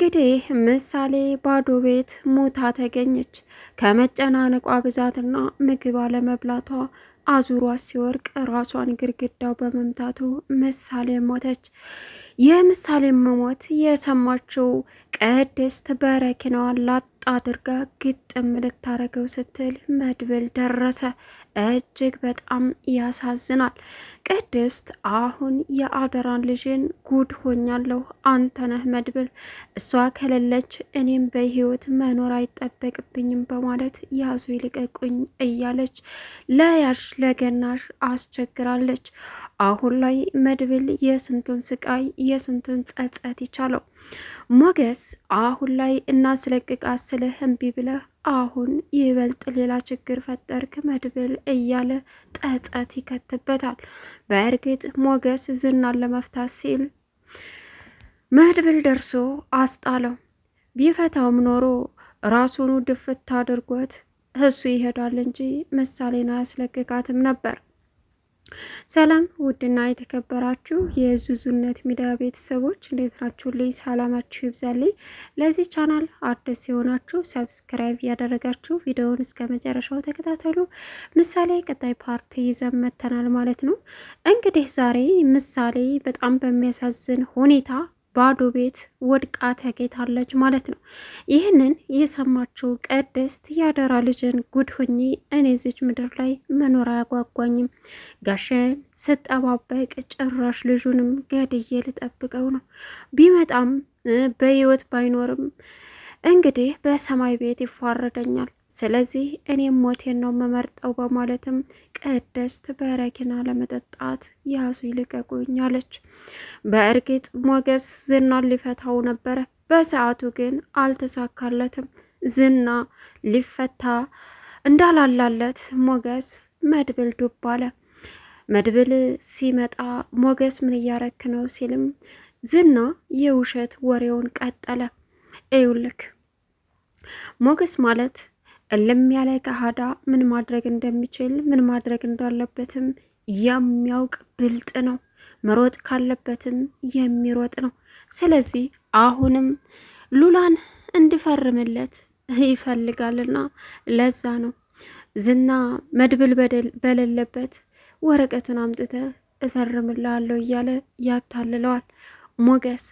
እንግዲህ ምሳሌ ባዶ ቤት ሞታ ተገኘች። ከመጨናነቋ ብዛትና ምግብ አለመብላቷ አዙሯ ሲወርቅ ራሷን ግድግዳው በመምታቱ ምሳሌ ሞተች። ምሳሌ መሞት የሰማችው ቅድስት በረኪናዋን አድርጋ ግጥም ልታረገው ስትል መድብል ደረሰ። እጅግ በጣም ያሳዝናል። ቅድስት አሁን የአደራን ልጅን ጉድ ሆኛለሁ፣ አንተነህ መድብል፣ እሷ ከሌለች እኔም በህይወት መኖር አይጠበቅብኝም በማለት ያዙ ይልቀቁኝ እያለች ለያሽ ለገናሽ አስቸግራለች። አሁን ላይ መድብል የስንቱን ስቃይ የስንቱን ጸጸት ይቻለው ሞገስ አሁን ላይ እናስለቅቃት ስልህ እምቢ ብለህ አሁን ይበልጥ ሌላ ችግር ፈጠርክ መድብል እያለ ጠጠት ይከትበታል። በእርግጥ ሞገስ ዝናን ለመፍታት ሲል መድብል ደርሶ አስጣለው። ቢፈታውም ኖሮ ራሱኑ ድፍት አድርጎት እሱ ይሄዳል እንጂ ምሳሌን አያስለቅቃትም ነበር። ሰላም ውድና የተከበራችሁ የዙዙነት ሚዲያ ቤተሰቦች እንዴት ናችሁ? ልይ ሰላማችሁ ይብዛልኝ። ለዚህ ቻናል አዲስ የሆናችሁ ሰብስክራይብ ያደረጋችሁ ቪዲዮውን እስከ መጨረሻው ተከታተሉ። ምሳሌ ቀጣይ ፓርት ይዘን መጥተናል ማለት ነው። እንግዲህ ዛሬ ምሳሌ በጣም በሚያሳዝን ሁኔታ ባዶ ቤት ወድቃ ተገኝታለች ማለት ነው። ይህንን የሰማችው ቅድስት ያደራ ልጅን ጉድ ሆኜ እኔ እዚች ምድር ላይ መኖር አያጓጓኝም፣ ጋሸን ስጠባበቅ ጭራሽ ልጁንም ገድዬ ልጠብቀው ነው። ቢመጣም በህይወት ባይኖርም እንግዲህ በሰማይ ቤት ይፋረደኛል። ስለዚህ እኔም ሞቴን ነው የምመርጠው በማለትም ቅድስት በረኪና ለመጠጣት ያዙ ይልቀቁኝ አለች። በእርግጥ ሞገስ ዝናን ሊፈታው ነበረ፣ በሰዓቱ ግን አልተሳካለትም። ዝና ሊፈታ እንዳላላለት ሞገስ መድብል ዱብ አለ። መድብል ሲመጣ ሞገስ ምን እያረክ ነው ሲልም ዝና የውሸት ወሬውን ቀጠለ። እዩልክ ሞገስ ማለት እልም ያለ ካህዳ ምን ማድረግ እንደሚችል ምን ማድረግ እንዳለበትም የሚያውቅ ብልጥ ነው። መሮጥ ካለበትም የሚሮጥ ነው። ስለዚህ አሁንም ሉላን እንድፈርምለት ይፈልጋልና ለዛ ነው ዝና መድብል በሌለበት ወረቀቱን አምጥተ እፈርምላለሁ እያለ ያታልለዋል። ሞገስ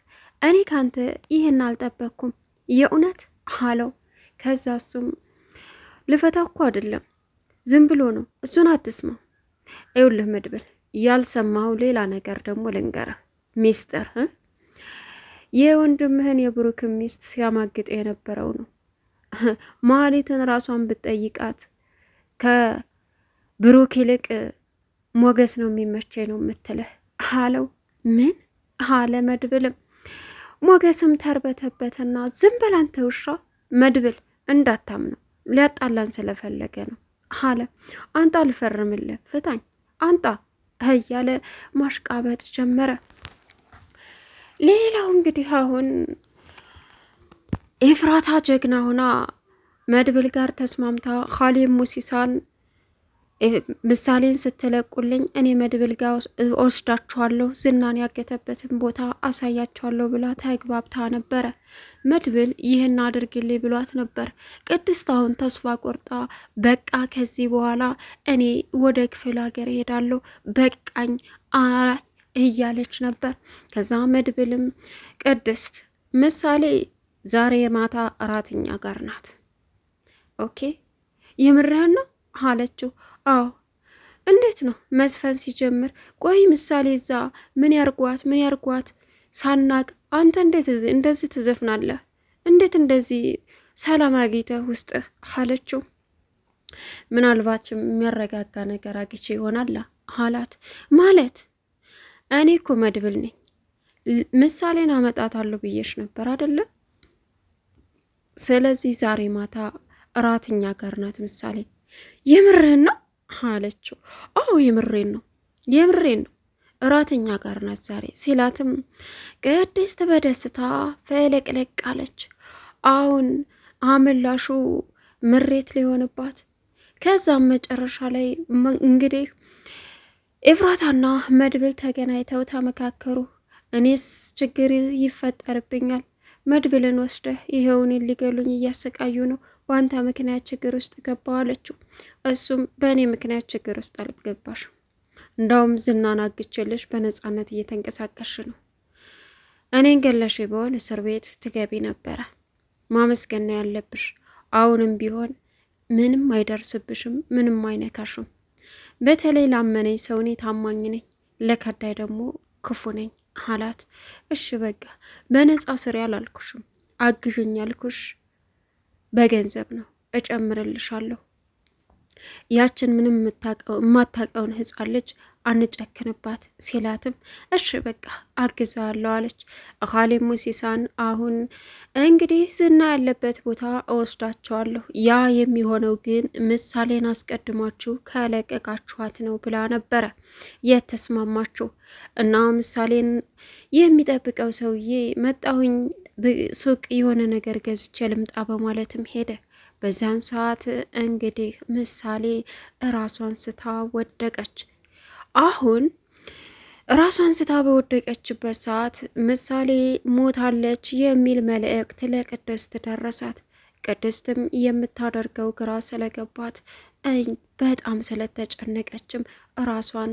እኔ ካንተ ይህን አልጠበቅኩም የእውነት አለው። ከዛ እሱም ልፈታ እኮ አይደለም ዝም ብሎ ነው። እሱን አትስማ። ይኸውልህ መድብል ያልሰማው ሌላ ነገር ደግሞ ልንገርህ ሚስጥር የወንድምህን የብሩክን ሚስት ሲያማግጥ የነበረው ነው። መሀሊትን ራሷን ብትጠይቃት ከብሩክ ይልቅ ሞገስ ነው የሚመቼ ነው የምትልህ አለው። ምን አለ መድብልም ሞገስም ተርበተበተና ዝም በል ውሻ መድብል እንዳታምነው ሊያጣላን ስለፈለገ ነው አለ። አንጣ ልፈርምልህ፣ ፍታኝ፣ አንጣ እያለ ማሽቃበጥ ጀመረ። ሌላው እንግዲህ አሁን ኤፍራታ ጀግና ሆና መድብል ጋር ተስማምታ ኻሊብ ሙሲሳን ምሳሌን ስትለቁልኝ እኔ መድብል ጋ ወስዳችኋለሁ፣ ዝናን ያገተበትን ቦታ አሳያችኋለሁ ብላ ተግባብታ ነበረ። መድብል ይህን አድርግልኝ ብሏት ነበር። ቅድስት አሁን ተስፋ ቆርጣ በቃ ከዚህ በኋላ እኔ ወደ ክፍል ሀገር እሄዳለሁ በቃኝ እያለች ነበር። ከዛ መድብልም ቅድስት ምሳሌ ዛሬ ማታ እራትኛ ጋር ናት። ኦኬ የምርህን ነው አለችው። አዎ እንዴት ነው መዝፈን ሲጀምር፣ ቆይ ምሳሌ እዛ ምን ያርጓት ምን ያርጓት ሳናቅ፣ አንተ እንዴት እንደዚህ ትዘፍናለህ? እንዴት እንደዚህ ሰላም አግኝተህ ውስጥህ አለችው። ምናልባችም የሚያረጋጋ ነገር አግቼ ይሆናላ አላት። ማለት እኔ እኮ መድብል ነኝ። ምሳሌን አመጣታለሁ ብዬሽ ነበር አይደለም? ስለዚህ ዛሬ ማታ እራትኛ ጋር ናት ምሳሌ። የምርህን ነው አለችው። አዎ የምሬን ነው የምሬን ነው እራተኛ ጋር ናት ዛሬ ሲላትም ቅድስት በደስታ ፈለቅለቅ አለች። አሁን አመላሹ ምሬት ሊሆንባት ከዛም መጨረሻ ላይ እንግዲህ ኤፍራታና መድብል ተገናኝተው ተመካከሩ። እኔስ ችግር ይፈጠርብኛል፣ መድብልን ወስደህ ይኸውን ሊገሉኝ እያሰቃዩ ነው፣ በአንተ ምክንያት ችግር ውስጥ ገባው አለችው። እሱም በእኔ ምክንያት ችግር ውስጥ አልገባሽ፣ እንዳውም ዝናን አግቼልሽ በነፃነት እየተንቀሳቀሽ ነው። እኔን ገለሽ ቢሆን እስር ቤት ትገቢ ነበረ። ማመስገን ያለብሽ አሁንም ቢሆን ምንም አይደርስብሽም፣ ምንም አይነካሽም። በተለይ ላመነኝ ሰው እኔ ታማኝ ነኝ፣ ለከዳይ ደግሞ ክፉ ነኝ አላት። እሺ በቃ በነፃ ስሪ አላልኩሽም፣ አግዥኝ ያልኩሽ በገንዘብ ነው እጨምርልሻለሁ። ያችን ምንም የማታውቀውን ህፃን ልጅ አንጨክንባት ሲላትም እሺ በቃ አግዛለሁ አለች። ኻሊብ ሙሲሳን አሁን እንግዲህ ዝና ያለበት ቦታ እወስዳቸዋለሁ፣ ያ የሚሆነው ግን ምሳሌን አስቀድማችሁ ከለቀቃችኋት ነው ብላ ነበረ የተስማማችሁ እና ምሳሌን የሚጠብቀው ሰውዬ መጣሁኝ ሱቅ የሆነ ነገር ገዝቼ ልምጣ በማለትም ሄደ። በዚያን ሰዓት እንግዲህ ምሳሌ እራሷን ስታ ወደቀች። አሁን እራሷን ስታ በወደቀችበት ሰዓት ምሳሌ ሞታለች የሚል መልእክት ለቅድስት ደረሳት። ቅድስትም የምታደርገው ግራ ስለገባት በጣም ስለተጨነቀችም እራሷን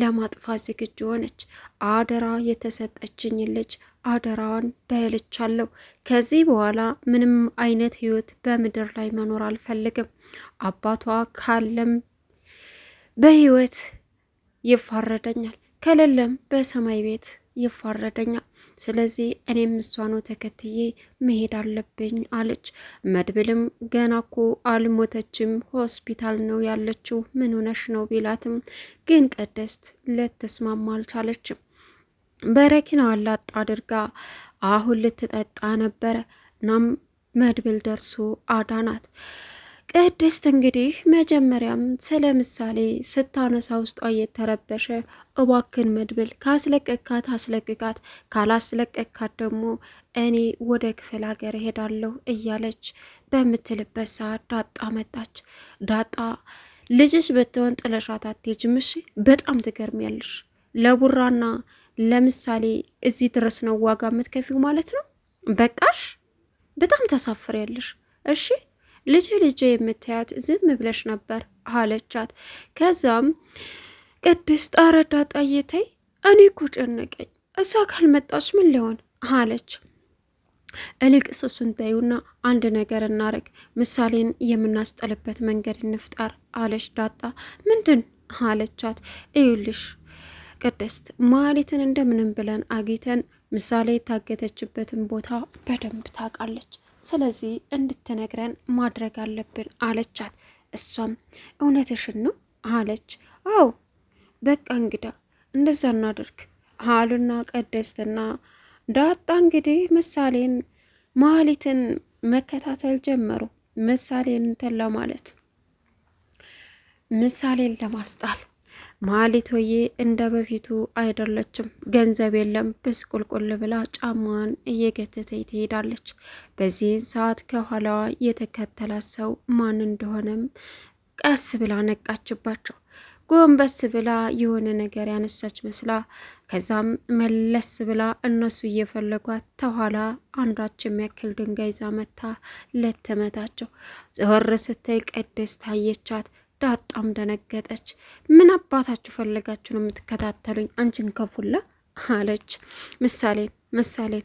ለማጥፋት ዝግጁ ሆነች። አደራ የተሰጠችኝ ልጅ አደራዋን በልቻለሁ። ከዚህ በኋላ ምንም አይነት ህይወት በምድር ላይ መኖር አልፈልግም። አባቷ ካለም በህይወት ይፋረደኛል፣ ከሌለም በሰማይ ቤት ይፋረደኛል። ስለዚህ እኔም እሷኑ ተከትዬ መሄድ አለብኝ አለች። መድብልም ገና እኮ አልሞተችም ሆስፒታል ነው ያለችው ምን ሆነሽ ነው ቢላትም ግን ቅድስት ልትስማማ አልቻለችም። በረኪና አላጣ አድርጋ አሁን ልትጠጣ ነበረ። እናም መድብል ደርሶ አዳናት። ቅድስት እንግዲህ መጀመሪያም ስለ ምሳሌ ስታነሳ ውስጧ እየተረበሸ እባክን መድብል ካስለቀካት አስለቅቃት፣ ካላስለቀካት ደግሞ እኔ ወደ ክፍል ሀገር እሄዳለሁ እያለች በምትልበት ሰዓት ዳጣ መጣች። ዳጣ ልጅሽ ብትሆን ጥለሻት አትሄጂም፣ እሺ በጣም ትገርሚያለሽ ለቡራና ለምሳሌ እዚህ ድረስ ነው ዋጋ የምትከፊው ማለት ነው። በቃሽ፣ በጣም ታሳፍሪያለሽ። እሺ ልጄ ልጄ የምትያት ዝም ብለሽ ነበር አለቻት። ከዛም ቅድስት አረዳ ጠይተይ እኔ እኮ ጨነቀኝ፣ እሷ ካልመጣች ምን ሊሆን አለች። እልቅ ሱሱን ተይውና አንድ ነገር እናረግ፣ ምሳሌን የምናስጠልበት መንገድ እንፍጠር አለች ዳጣ። ምንድን አለቻት? እዩልሽ ቅድስት መሀሊትን እንደምንም ብለን አግኝተን ምሳሌ የታገተችበትን ቦታ በደንብ ታውቃለች። ስለዚህ እንድትነግረን ማድረግ አለብን አለቻት። እሷም እውነትሽን ነው አለች። አዎ በቃ እንግዳ እንደዛ እናድርግ አሉና ቅድስትና ዳጣ እንግዲህ ምሳሌን መሀሊትን መከታተል ጀመሩ። ምሳሌን እንትን ለማለት ምሳሌን ለማስጣል ማሊቶዬ እንደ በፊቱ አይደለችም። ገንዘብ የለም ብስቁልቁል ብላ ጫማዋን እየገተተች ትሄዳለች። በዚህን ሰዓት ከኋላዋ የተከተላት ሰው ማን እንደሆነም ቀስ ብላ ነቃችባቸው። ጎንበስ ብላ የሆነ ነገር ያነሳች መስላ ከዛም መለስ ብላ እነሱ እየፈለጓት ተኋላ አንዳች የሚያክል ድንጋይ ይዛ መታ ለተመታቸው። ዞር ስትል ቅድስት ታየቻት። ዳጣም ደነገጠች። ምን አባታችሁ ፈለጋችሁ ነው የምትከታተሉኝ? አንቺን ከፉላ አለች። ምሳሌን ምሳሌን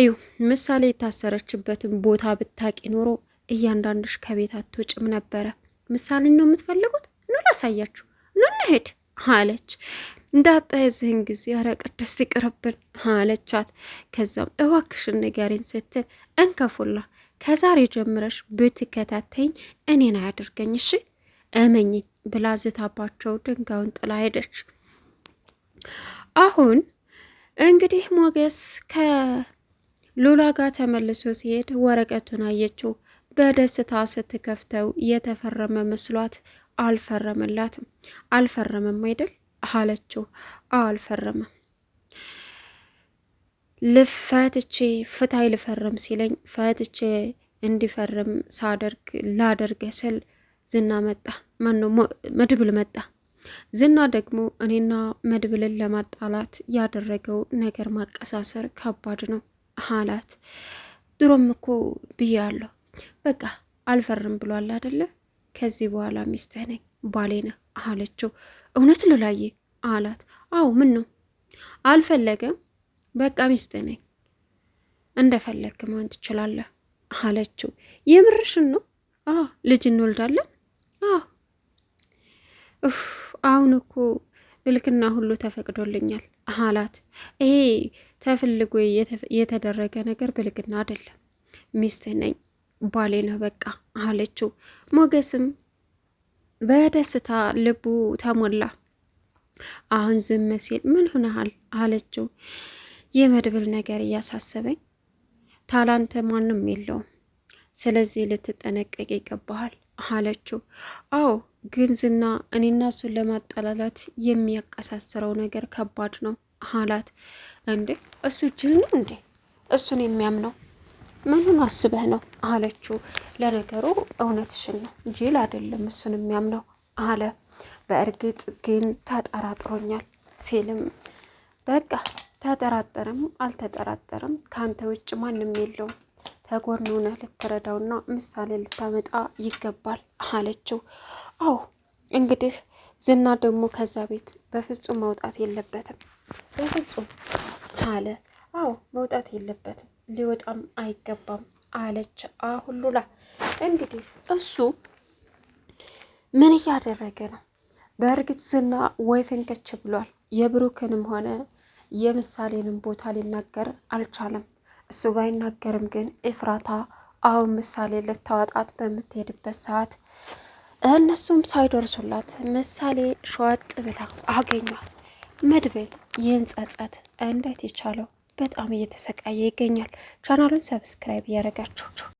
እዩ ምሳሌ የታሰረችበትን ቦታ ብታቂ ኖሮ እያንዳንድሽ ከቤት አትውጭም ነበረ። ምሳሌን ነው የምትፈልጉት? ኑ ላሳያችሁ፣ ኑ እንሄድ አለች። እንዳጣ የዚህን ጊዜ ኧረ ቅድስት ይቅርብን አለቻት። ከዛም እባክሽን ንገሪን ስትል እንከፉላ ከዛሬ ጀምረሽ ብትከታተኝ እኔን አያደርገኝ እሺ እመኝ ብላ ዝታባቸው ድንጋዩን ጥላ ሄደች። አሁን እንግዲህ ሞገስ ከሉላ ጋር ተመልሶ ሲሄድ ወረቀቱን አየችው። በደስታ ስትከፍተው የተፈረመ መስሏት አልፈረመላትም። አልፈረመም አይደል አለችው። አልፈረመም ልፈትቼ ፍታይ ልፈርም ሲለኝ ፈትቼ እንዲፈርም ሳደርግ ላደርግ ስል ዝና መጣ። ማነው መድብል መጣ። ዝና ደግሞ እኔና መድብልን ለማጣላት ያደረገው ነገር ማቀሳሰር ከባድ ነው አላት። ድሮም እኮ ብያለሁ፣ በቃ አልፈርም ብሏል አደለ? ከዚህ በኋላ ሚስትህ ነኝ ባሌ ነህ አለችው። እውነት ሉላዬ አላት። አዎ ምን ነው አልፈለገም፣ በቃ ሚስትህ ነኝ እንደፈለግክ መሆን ትችላለህ አለችው። የምርሽን ነው? አዎ ልጅ እንወልዳለን ኡፍ አሁን እኮ ብልክና ሁሉ ተፈቅዶልኛል አላት። ይሄ ተፈልጎ የተደረገ ነገር ብልግና አይደለም፣ ሚስት ነኝ ባሌ ነው በቃ አለችው። ሞገስም በደስታ ልቡ ተሞላ። አሁን ዝም ሲል ምን ሆነሃል አለችው። የመድብል ነገር እያሳሰበኝ ታላንተ ማንም የለውም፣ ስለዚህ ልትጠነቀቅ ይገባሃል አለችው። አዎ ግን ዝና እኔና እሱን ለማጠላላት የሚያቀሳስረው ነገር ከባድ ነው አላት። እንዴ እሱ ጅል ነው እንዴ? እሱን የሚያምነው ምኑን አስበህ ነው አለችው። ለነገሩ እውነትሽን ነው፣ ጅል አይደለም እሱን የሚያምነው አለ። በእርግጥ ግን ተጠራጥሮኛል ሲልም በቃ ተጠራጠረም አልተጠራጠረም ከአንተ ውጭ ማንም የለውም ከጎን ሆነ ልትረዳውና ምሳሌ ልታመጣ ይገባል አለችው። አዎ እንግዲህ ዝና ደግሞ ከዛ ቤት በፍጹም መውጣት የለበትም በፍጹም አለ። አዎ መውጣት የለበትም ሊወጣም አይገባም አለች አሁሉላ። እንግዲህ እሱ ምን እያደረገ ነው? በእርግጥ ዝና ወይ ፍንክች ብሏል። የብሩክንም ሆነ የምሳሌንም ቦታ ሊናገር አልቻለም። እሱ ባይናገርም ግን ኤፍራታ አሁን ምሳሌ ልታወጣት በምትሄድበት ሰዓት እነሱም ሳይደርሱላት ምሳሌ ሸወጥ ብላ አገኟት። መድብል ይህን ጸጸት እንዴት የቻለው በጣም እየተሰቃየ ይገኛል። ቻናሉን ሰብስክራይብ እያደረጋችሁ